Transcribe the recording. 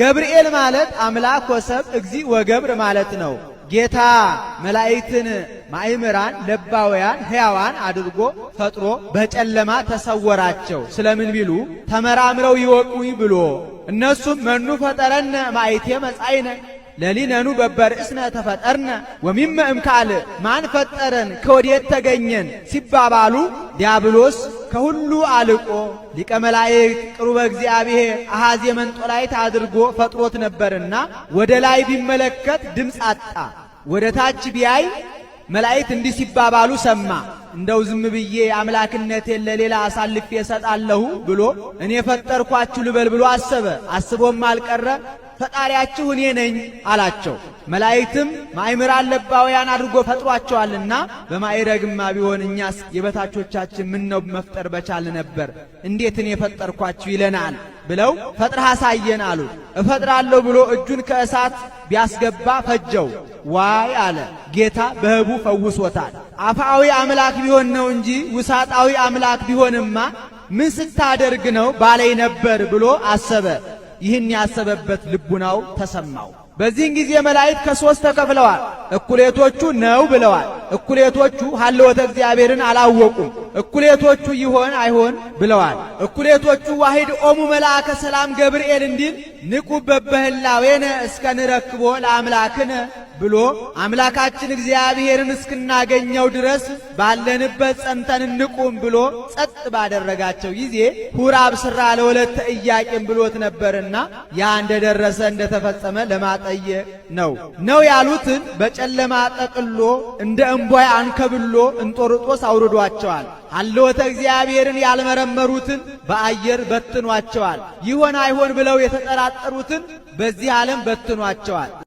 ገብርኤል ማለት አምላክ ወሰብ እግዚ ወገብር ማለት ነው። ጌታ መላእክትን ማእምራን ለባውያን ሕያዋን አድርጎ ፈጥሮ በጨለማ ተሰወራቸው። ስለምን ቢሉ ተመራምረው ይወቁኝ ብሎ እነሱም መኑ ፈጠረነ ማይቴ መጻይነ ለሊነኑ በበርእስነ ተፈጠርነ ወሚመ እምካል ማን ፈጠረን ከወዴት ተገኘን ሲባባሉ ዲያብሎስ ከሁሉ አልቆ ሊቀ መላእክት ቅሩበ እግዚአብሔር አሐዜ መንጦላይት አድርጎ ፈጥሮት ነበርና ወደ ላይ ቢመለከት ድምፅ አጣ። ወደ ታች ቢያይ መላእክት እንዲህ ሲባባሉ ሰማ። እንደው ዝም ብዬ አምላክነቴን ለሌላ አሳልፌ እሰጣለሁ ብሎ እኔ ፈጠርኳችሁ ልበል ብሎ አሰበ። አስቦም አልቀረ ፈጣሪያችሁ እኔ ነኝ አላቸው። መላእክትም ማእምራን ለባውያን አድርጎ ፈጥሯቸዋልና በማይረግማ ቢሆን እኛስ የበታቾቻችን ምነው መፍጠር በቻል ነበር፣ እንዴት እኔ የፈጠርኳችሁ ይለናል ብለው ፈጥረህ አሳየን አሉት። እፈጥራለሁ ብሎ እጁን ከእሳት ቢያስገባ ፈጀው። ዋይ አለ ጌታ በህቡ ፈውሶታል። አፋዊ አምላክ ቢሆን ነው እንጂ ውሳጣዊ አምላክ ቢሆንማ ምን ስታደርግ ነው ባለይ ነበር ብሎ አሰበ። ይህን ያሰበበት ልቡናው ተሰማው። በዚህን ጊዜ መላእክት ከሶስት ተከፍለዋል። እኩሌቶቹ ነው ብለዋል። እኩሌቶቹ ሀለወተ እግዚአብሔርን አላወቁም። እኩሌቶቹ ይሆን አይሆን ብለዋል። እኩሌቶቹ ዋሂድ ኦሙ መልአከ ሰላም ገብርኤል እንዲል ንቁ በበህላዌነ እስከ ንረክቦ ለአምላክነ ብሎ አምላካችን እግዚአብሔርን እስክናገኘው ድረስ ባለንበት ጸንተን እንቁም ብሎ ጸጥ ባደረጋቸው ጊዜ ሁር አብስራ ለሁለት ኢያቄም ብሎት ነበርና ያ እንደደረሰ እንደተፈጸመ ለማጠየቅ ነው። ነው ያሉትን በጨለማ ጠቅሎ እንደ እምቧይ አንከብሎ እንጦርጦስ አውርዷቸዋል። አለወተ እግዚአብሔርን ያልመረመሩትን በአየር በትኗቸዋል። ይሆን አይሆን ብለው የተጠራጠሩትን በዚህ ዓለም በትኗቸዋል።